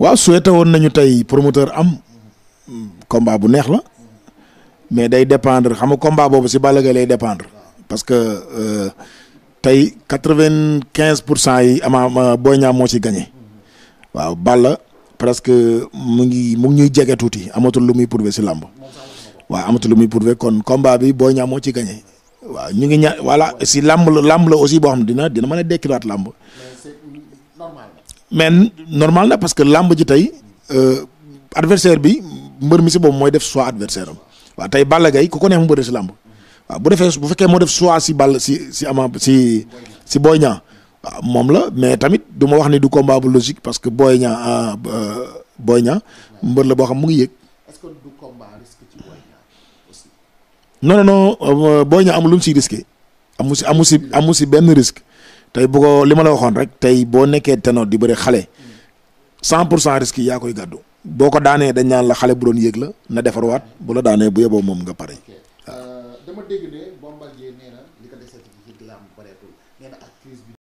waaw souhaité woon nañu tey promoteur am combat bu neex la mais day dépendre xam nga combat boobu si Balla Gaye lay dépendre parce que euh, tey quatre vingt quinze pour cent yi ama Boy Niang ci gagné waaw Balla presque mu ngi mu ngi ñuy jege tuuti amatul lu muy prouvé si làmb waa amatul lu pour prouvé kon combat bi Boy Niang ci gagné waaw ñu ngi ña voilà si làmb la làmb la aussi boo xam dina dina mën a dekkiwaat làmb. mais normal na parce que làmb ji tey euh, adversaire bi mbër mi si boobu mooy def choix adversaire am waaw tey Balla Gaye ku ko neex mu bëre si làmb waaw bu defee bu fekkee moo def choix si Balla si si ama si si Boy moom la mais tamit du ma wax ni du combat bu logique parce que Boy Niang euh, euh, Boy Niang mbër la boo xam mu ngi yëg. est-ce que du combat risque ci Boy Niang aussi. non amul amu si amu si amu si benn risque. tey bu ko li ma la waxoon rek tey boo nekkee ténor di bëri xale cent pour cent risque yaa koy gàddu boo ko daanee dañ ñaan la xale bu doon yéeg la na defar waat bu la daanee bu yeboo moom nga pare. Euh, dama dégg ne Bombardier ko desee ci làmb